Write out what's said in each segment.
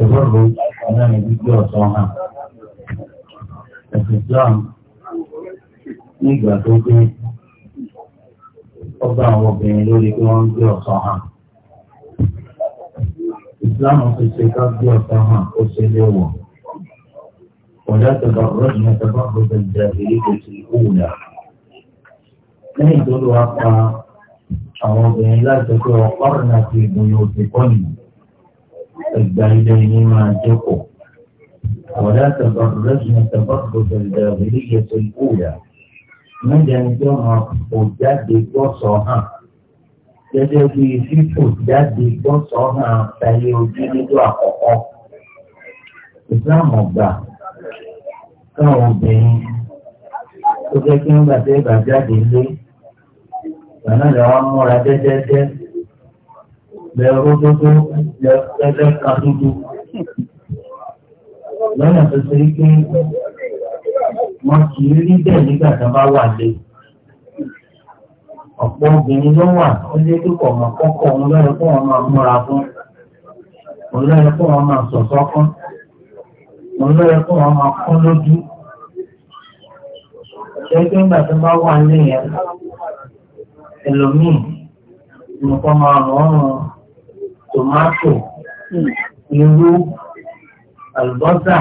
Òwúrò ọ̀nà ni gbígbé ọ̀sán hàn. Ẹ̀sìn Islam ní ìgbà tó dé ó bá àwọn obìnrin lórí pé wọ́n ń gbé ọ̀sán hàn. Islam ti ṣe ká gbé ọ̀sán hàn ó ṣe léwọ̀. Ọ̀dà tẹ̀bà rọ́ọ̀dù ní tẹ̀bà rọ́ọ̀dù ìjà ìrírí kò sí òwúlà. Lẹ́yìn tó lọ́wọ́ pa àwọn obìnrin láti pé ọ̀pá ọ̀nà àti ìgbòho ti pọ̀ nìyí ẹgbà ilé yín máa jókòó. Wọ̀dà tàbá rẹ́sùn tàbá gbọdọ̀ ìdàgbé yíyẹ tó ikú yà. Mẹ́jẹ ń jọ hàn kò jáde gbọ́sọ̀ hàn. Gẹ́gẹ́ bí fífò jáde gbọ́sọ̀ hàn tayé ojú nílò àkọ́kọ́. Ìsìláàmù gbà káwọn obìnrin tó jẹ́ kí wọ́n gbàdé ìgbà lé. Bàbá rẹ̀ wá múra dẹ́dẹ́dẹ́ lẹ́rọ tótó lẹ́fẹ́ kàtótó lọ́nà tó ṣe pé wọ́n kì í rí bẹ́ẹ̀ nígbà tó bá wà lé ọ̀pọ̀ obìnrin ló wà ó lé púpọ̀ mọ́ kọ́kọ́ òun lọ́yẹ kó wọn máa múra fún òun lọ́yẹ kó wọn máa sọ̀sọ́ fún òun lọ́yẹ kó wọn máa kún lójú ṣé pé nígbà tó bá wà lé yẹn ẹlòmíì nǹkan máa rọrùn. Tomato, hmm. irú àlùbọ́sà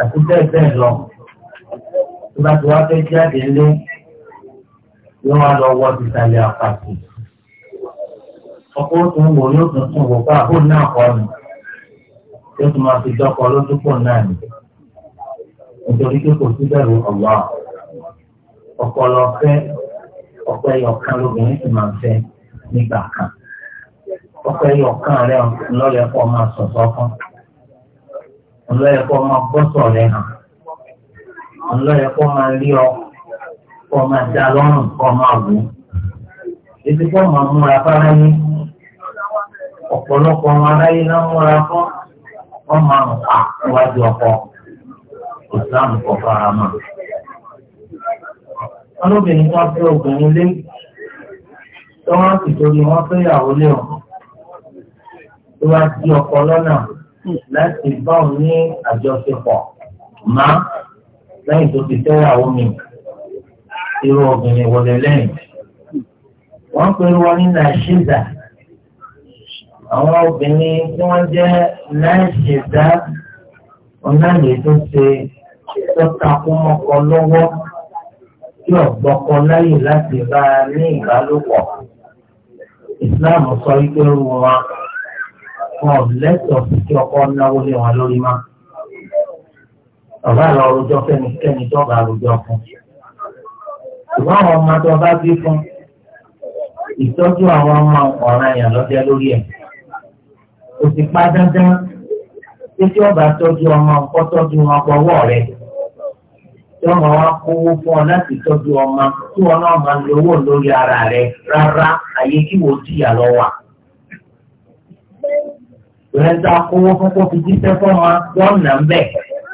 àti bẹ́ẹ̀ bẹ́ẹ̀ lọ tó bá ti wá fẹ́ jáde lé yóò wá lọ wọ ìsàlẹ̀ àpàtì ọkọ̀ tó ń wò yóò tún tún wò pa àbò náà kọ́ ni yóò tún máa fi dọ́kọ̀ lójú pọ̀ náà ni nítorí pé kò sí bẹ̀rù ọ̀wá ọpọlọ fẹ́ ọpẹ́ ọ̀kan lóbìnrin sì máa fẹ́ nígbà kan. ọkọ ẹyọ ọkàn rẹ lọlẹ kọ máa sọsọ fún lọlẹ kọ máa gbọsọ rẹ hàn lọlẹ kọ máa rí ọ kọ máa kọ máa wù ú ètò kọ máa múra fára yín ọpọlọpọ ọmọ aráyé náà múra fún ọkọ ìsìlámù kọ fara mọ́ olóbìnrin tó ń fẹ́ obìnrin lé tó wọn sì torí wọn tó wá sí ọkọ lọ́nà láti bá òun ní àjọṣepọ̀ má lẹ́yìn tó ti fẹ́yàwó mi irú obìnrin wọlé lẹ́yìn. wọ́n ń pèrò wọn ní nàìjíríà àwọn obìnrin tí wọ́n jẹ́ nàìjíríà onáyè tó ṣe tó takú mọ́kọ lọ́wọ́ tí ọ̀gbọ́kọ láyè láti bá a ní ìbálòpọ̀. ìsìláàmù sọ ikú ẹrù wọn wọn ò lẹ́tọ̀ọ́ sí kí ọkọ náwó lé wọn lórí má. Bàbá àlọ́ ọ̀rọ̀jọ́ fẹ́nikẹ́ni dọ́gba àròjọ fún. Ṣùgbọ́n àwọn ọmọ tó bá bí fún ìtọ́jú àwọn ọmọ ọ̀ràn yàn lọ́jọ́ lórí ẹ̀. Kò sì pa dandan pé tí ọba tọ́jú ọmọ ọkọ tọ́jú wọn gbọ́wọ́ rẹ̀. Tí ọmọ wa kówó fún ọ láti tọ́jú ọmọ tí wọn náà máa lo owó lórí ara rẹ̀ rárá àyè kí wò ó jìyà lọ́wọ́ ìrẹ́ ta kówó fún kó fi jíṣẹ́ fọ́mà wọ́n nà ń bẹ̀.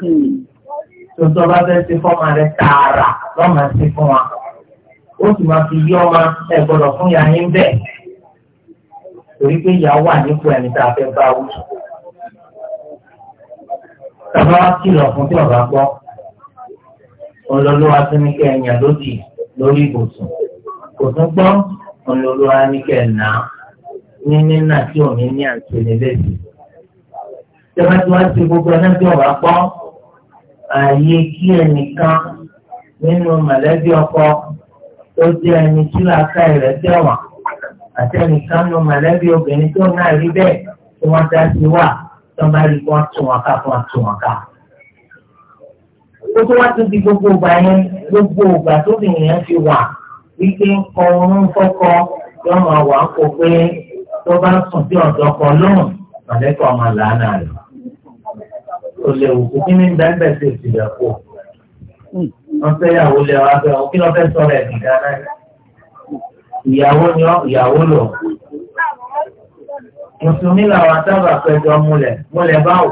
Hmm. tuntun ọba fẹ́ ṣe fọ́mà rẹ̀ tààrà lọ́mà ṣe fún wa ó sì máa fi yí ọmọ ẹ̀ gbọ́dọ̀ fún ya yín bẹ́ẹ̀ torí pé ìyá wà nípò ẹni tá a fẹ́ bá wù. Tàbá wá kìlọ̀ fún tí ọ̀gá gbọ́. Olólùwà tún ní kẹ́ ẹ̀yàn lódì lórí ibùsùn. Kò tún gbọ́, olólùwà ní kẹ́ ẹ̀ náà ní nínà tí òní ní àti nílẹ̀sì. Ìjọba tí wọ́n ti gbogbo ẹ̀dá tí ọ̀wá pọ̀, ààyè kí ẹnìkan nínú mọ̀lẹ́bí ọkọ tó jẹ́ ẹni tí làákà rẹ̀ tẹ̀wọ̀n àti ẹnìkan nínú mọ̀lẹ́bí obìnrin tó náà rí bẹ́ẹ̀ tí wọ́n dá sí wà tó bá rí wọ́n tún wọn ká fún wọn tún wọn ká. Gbogbo wa tún di gbogbo ìgbà yẹn gbogbo ìgbà tóbi yẹn fi wà wípé ń fọ́kọ yọ̀ọ́ wà kó pé tó bá ń sùn sí ọ̀dọ́ kan lóhùn mọ̀lẹ́kọ̀ ọmọ làánà rẹ̀. o lè wù kú kí ní bẹ́ẹ̀ sí ìsìlẹ̀ kù. wọ́n fẹ́ ìyàwó lẹ̀ wá bẹ́ẹ̀ kí lọ́ fẹ́ sọ̀rọ̀ ẹ̀sìn dáná. ìyàwó ni ọ́ ìyàwó lọ. mùsùlùmí làwọn sábà pẹ̀jọ múlẹ̀ múlẹ̀ báwò.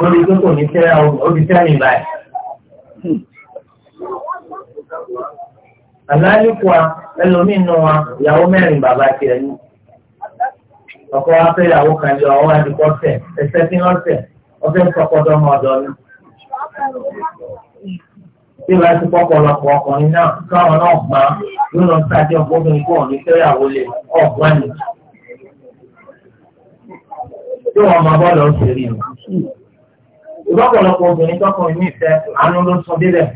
lórí pé kò ní fẹ́ obìnrin àlàálùkù wa ẹlòmíì nù wa ìyàwó mẹ́rin bàbá tiẹ̀ ní. ọkọ wa fẹ́ ìyàwó kan jọ ọwọ́ àdìpọ̀ tẹ̀ ẹsẹ̀ tí wọ́n tẹ̀ ọfẹ́ sọkọdọ́ ọmọ ọ̀dọ́ ni. bí wàá ti pọ́pọ̀ lọ́pọ̀ ọkùnrin náà káwọn náà gbà yóò lọ sáájú ọgbọ́bìnrin kó òní fẹ́ ìyàwó lè ọ̀gbọ́n ni. tí wọ́n máa bọ́ lọ sí rí o. ìbọ̀pọ̀lọpọ̀ obìnrin tọkùnrin mi fẹ́ àánú ló sọ délẹ̀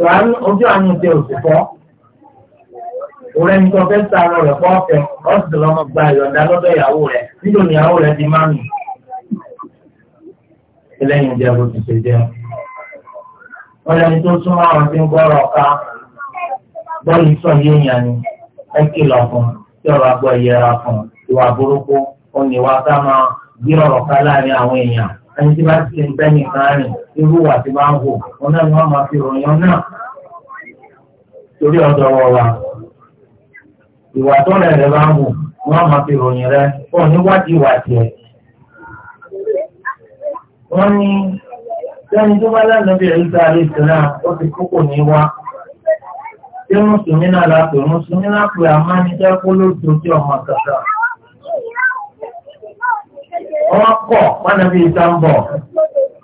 tòwárí ojú àwọn ìdè òsìkọ́ òrẹ́ni tó fẹ́ sàrọ̀ rẹ̀ fọ́ ọ̀fẹ́ ọ̀sìn lọ́mọ gba ìyọ̀ǹda lọ́dọ̀ ìyàwó rẹ̀ nílò ìyàwó rẹ̀ di mánu. ẹlẹ́yin jẹ́ bó ti ṣe jẹ́ wọ́n lẹ́ni tó súnmọ́ àwọn tí ń gbọ́rọ̀ ká bọ́ọ̀lù sọ yé èèyàn ni ẹ kìlọ̀ fún tí ọ̀rọ̀ àgbọ̀ ìyẹra fún ìwà burúkú ó ní wá ká máa gbé ọ̀rọ̀ ká láàrin àwọn èèyàn ẹni tí bá ti ń bẹ́ nìkan rìn irú wà tí bá ń wò wọn náà ni wọ́n máa fi ròyìn náà torí ọ̀dọ̀ wọ̀ wá ìwà tó rẹ̀ rẹ̀ bá ń wò wọ́n máa fi ròyìn rẹ̀ wọn níwádìí ìwà tiẹ̀. wọ́n ní sẹ́ni tó bá lẹ́nu bí ẹ̀yí sáré ìsinmi ó ti kókò ní wá ṣé mùsùlùmí náà la pè mùsùlùmí náà pè àmọ́ ẹni jẹ́ kó lóṣù tí ọmọ kàkà ọwọ́ pọ̀ wọn bí ìta ń bọ̀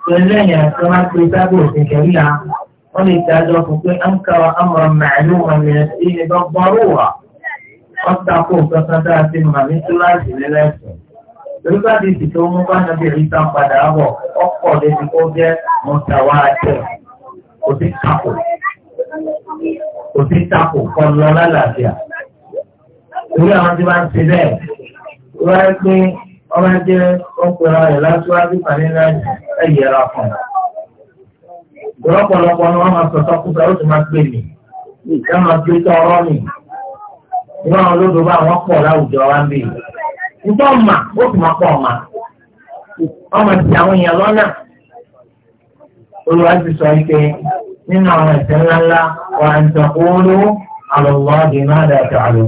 pẹ̀lú ẹ̀yìn àti wọn pe sábẹ́ òfin kẹ̀ríà wọn lè dájọ́ fún pé à ń ka àmọ̀ràn màálù wọn lè ṣe é bá gbọ́rù wà wọn takò kankan tá a ti mà ní kíláàsì lẹ́lẹ́sìn torí bá di ìsìnkú mú bá nàbí ìta padà bọ̀ ọkọ̀ lẹ́sì kó jẹ́ mọ̀tàwá àtẹ̀ kò sí takò kò sí takò kan lọ lálàáfíà torí àwọn tí wọ́n ti bẹ́ẹ̀ wọ́n á pín Ọ jẹ́ ọkùnrin rẹ̀ lásìwájú kàníńlá ẹ̀yẹ̀ra fún un. lọ́pọ̀lọpọ̀ ni wọ́n máa sọ̀tọ́ kúta ó sì máa gbé mi wọ́n máa gbé ọrụ mi ìwọ́n àwọn olódò bá wọn láwùjọ wa ń ó sì máa ike nínú àwọn ńláńlá wà ń tàn àlọ́ di àlọ́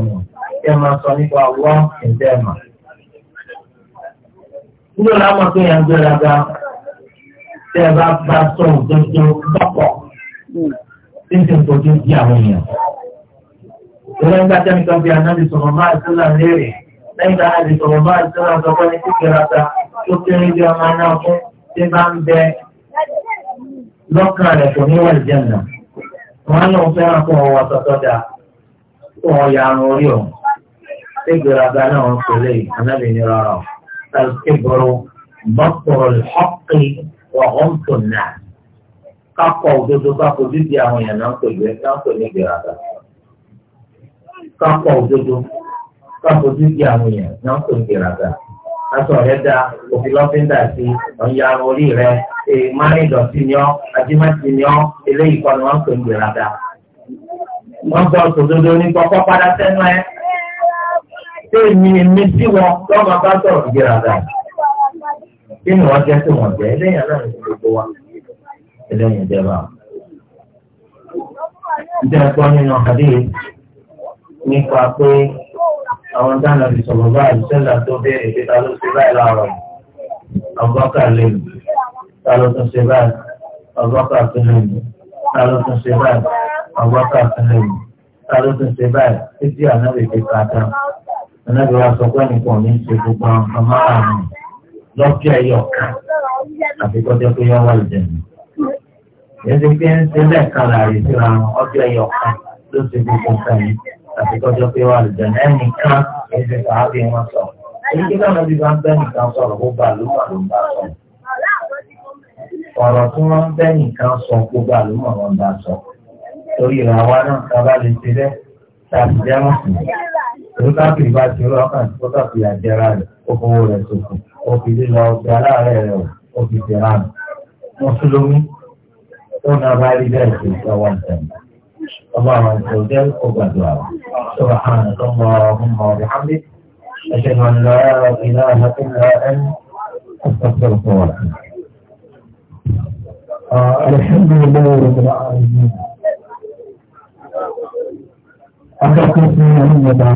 ẹ máa ilé ìlànà ọmọ tó yàn gbéra ga tẹ ẹ bá bá sọ òdodo dọpọ tí n ti ń kojú di àwọn èèyàn. ìrẹ́ nígbà tẹ́mi kan bí anáàlì sọ̀rọ̀ máa sílà léèrè lẹ́yìn tí anáàlì sọ̀rọ̀ máa sílà sọ́kọ́ ní kíkẹ́ra ta tó kéré bí ọmọ náà fún tí bá ń bẹ lọ́kàn rẹ̀ kò ní wà ìjẹun náà. wọn náà fẹ́ràn fún ọwọ́ sọ́tọ́ da fún ọ̀yà àrùn orí ọ̀hún. ṣé ìgbéraga náà ń الكبر بطر الحق وغمط الناس kápọ̀ òdodo bá fojú di àwọn èèyàn náà pẹ̀lú ẹ̀ náà pẹ̀lú ìgbéraga kápọ̀ òdodo bá fojú di àwọn èèyàn náà pẹ̀lú ìgbéraga aṣọ rẹ da òfin lọ́fíńdà sí ọ̀nyàrá orí rẹ márùn ìdọ̀tí ni ọ́ ajímọ́tì ni ọ́ eléyìí kọ́ ni wọ́n pẹ̀lú ìgbéraga wọ́n gbọ́ òdodo ní kọ́kọ́ padà sẹ́nu ẹ̀ èmi èmi sí wọn lọ́mọ bá sọ̀rọ̀ gbéraga kí ni wọ́n jẹ́ sí wọn jẹ́ eléyàn náà ní gbogbo wa eléyàn jẹ́ bá. ìjẹ́ ẹ̀kọ́ nínú àdé nípa pé àwọn dáná ti sọ̀rọ̀ báyìí sẹ́là tó béèrè pé ta ló ṣe báyìí láàárọ̀ ọgọ́kà lèmi ta ló tún ṣe báyìí ọgọ́kà tún lèmi ta ló tún ṣe báyìí ọgọ́kà tún lèmi ta ló tún ṣe báyìí títí àná lè fi kàtà. Ànábì wa sọ pé nìkan ní ṣe gbogbo àwọn nǹkan márùn-ún lọ́jọ́ ẹ̀yọ̀ kan àfi kọjá pé yọ wà lẹ́yìn. Èsì pé ń ṣe lẹ́ẹ̀kan láàrin síra wọn ọjọ́ ẹ̀yọ̀ kan ló ṣe gbogbo nǹkan yìí àfi kọjá pé wà lẹ́yìn. Ẹnìkan èsì sàábì wọn sọ. Èyí kí lọ́nà bí wọ́n bẹ́ nìkan sọ̀rọ̀ ó bá lùmọ̀ ló ń bá sọ. Ọ̀rọ̀ tí wọ́n bẹ́ nìkan sọ kó bá lùmọ̀ wọn bá sọ. Torí ìràwọ̀ náà òun táàkì bá ti rọ́ọ̀kàn tó tàbí àjẹrà rẹ̀ ó fowó rẹ̀ sòfò ó fi lílọ ọ̀sẹ̀ aláàárẹ̀ rẹ̀ ó fi tẹ̀ra nù. mùsùlùmí ó na bá rí bẹ́ẹ̀ sí ìṣọwọ́ ìtẹ̀mù. ọba àwọn ìṣòro jẹ́ ògbàdúrà wa. sọ̀rọ̀ àwọn ìṣòro mọ ọ̀hún mọ ọ̀rẹ́ hàmdí. ẹ̀ṣẹ̀ wọn lọ ilé ọ̀hún ẹni ọ̀sọ̀tọ̀ Alhamdulillah rabbil alamin. Akẹ́kọ̀ọ́ fún ọmọ ìgbà.